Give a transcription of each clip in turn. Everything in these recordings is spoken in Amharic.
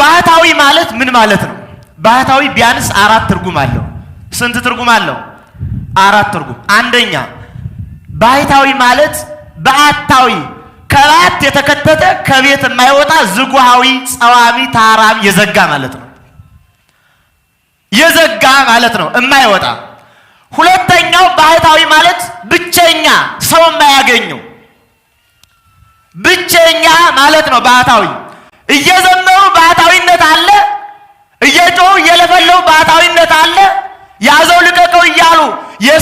ባህታዊ ማለት ምን ማለት ነው? ባህታዊ ቢያንስ አራት ትርጉም አለው። ስንት ትርጉም አለው? አራት ትርጉም። አንደኛ ባህታዊ ማለት በአታዊ ከባት የተከተተ ከቤት የማይወጣ ዝጉሃዊ፣ ጸዋሚ፣ ታራሚ የዘጋ ማለት ነው። የዘጋ ማለት ነው፣ የማይወጣ ሁለተኛው ባህታዊ ማለት ብቸኛ፣ ሰው የማያገኘው ብቸኛ ማለት ነው። ባህታዊ እየዘመሩ ባህታዊ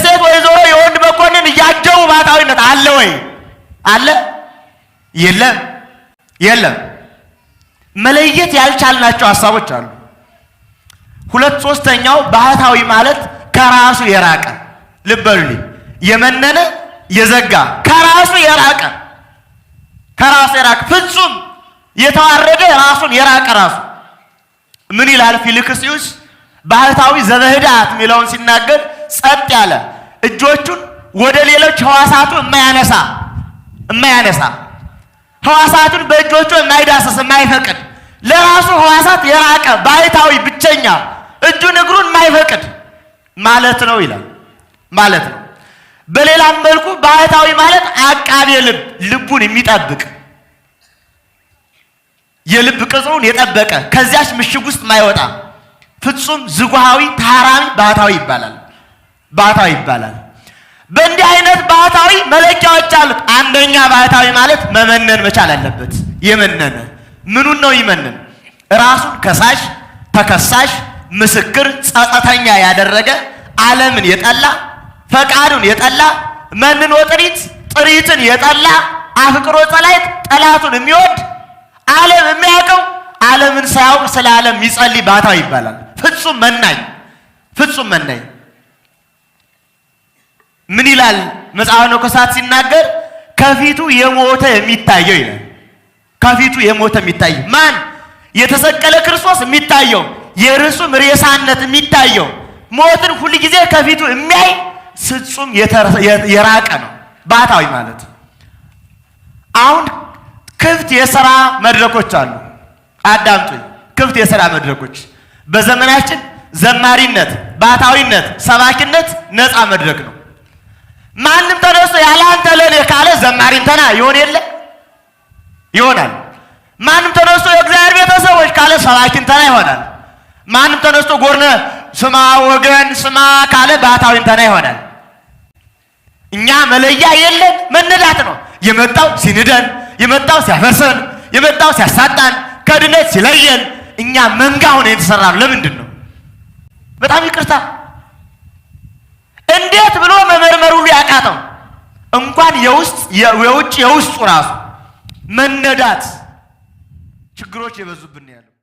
የሴት ወይዘሮ የወንድ መኮንን እያጀቡ ባሕታዊነት አለ ወይ? አለ የለም? የለም። መለየት ያልቻልናቸው ሀሳቦች አሉ። ሁለት ሶስተኛው ባህታዊ ማለት ከራሱ የራቀ ልብ የመነነ የዘጋ ከራሱ የራቀ ከራሱ የራቀ ፍጹም የተዋረደ ራሱን የራቀ ራሱ ምን ይላል ፊልክስዩስ ባህታዊ ዘበህዳት የሚለውን ሲናገር ጸጥ ያለ እጆቹን ወደ ሌሎች ህዋሳቱ የማያነሳ የማያነሳ ህዋሳቱን በእጆቹ የማይዳሰስ የማይፈቅድ ለራሱ ህዋሳት የራቀ ባይታዊ ብቸኛ እጁን እግሩን የማይፈቅድ ማለት ነው ይላል ማለት ነው። በሌላም መልኩ ባህታዊ ማለት አቃቤ ልብ ልቡን የሚጠብቅ የልብ ቅጽሩን የጠበቀ ከዚያች ምሽግ ውስጥ ማይወጣ ፍጹም ዝጉሃዊ ታራሚ ባህታዊ ይባላል። ባህታዊ ይባላል። በእንዲህ አይነት ባህታዊ መለኪያዎች አሉት። አንደኛ ባህታዊ ማለት መመነን መቻል አለበት። የመነነ ምኑን ነው ይመነን? ራሱን ከሳሽ፣ ተከሳሽ፣ ምስክር፣ ጸጸተኛ ያደረገ ዓለምን የጠላ ፈቃዱን የጠላ መንኖ ጥሪት ጥሪትን የጠላ አፍቅሮ ጸላይት ጠላቱን የሚወድ ዓለም የሚያውቀው ዓለምን ሳያውቅ ስለ ዓለም የሚጸልይ ባህታዊ ይባላል። ፍጹም መናኝ ፍጹም መናኝ ምን ይላል መጽሐፈ ከሳት ሲናገር ከፊቱ የሞተ የሚታየው ይላል። ከፊቱ የሞተ የሚታየው ማን? የተሰቀለ ክርስቶስ የሚታየው የርሱም ሬሳነት የሚታየው ሞትን ጊዜ ከፊቱ የሚያይ ስጹም የራቀ ነው ባታዊ ማለት። አሁን ክፍት የሥራ መድረኮች አሉ። አዳምጡኝ። ክፍት የሥራ መድረኮች በዘመናችን ዘማሪነት፣ ባታዊነት ሰባኪነት ነፃ መድረክ ነው። ማንም ተነስቶ ያለ አንተ ለኔ ካለ ዘማሪን ተና ይሆን የለ ይሆናል። ማንም ተነስቶ የእግዚአብሔር ቤተሰቦች ካለ ሰባኪን ተና ይሆናል። ማንም ተነስቶ ጎርነ ስማ ወገን ስማ ካለ ባታዊም ተና ይሆናል። እኛ መለያ የለን መነዳት ነው። የመጣው ሲንደን፣ የመጣው ሲያፈርሰን፣ የመጣው ሲያሳጣን፣ ከድነት ሲለየን እኛ መንጋ ሆነ የተሰራ ነው። ለምንድን ነው? በጣም ይቅርታ እንዴት ብሎ መመርመር መናጠው እንኳን የውስጥ የውጭ የውስጡ ራሱ መነዳት ችግሮች የበዙብን ያለው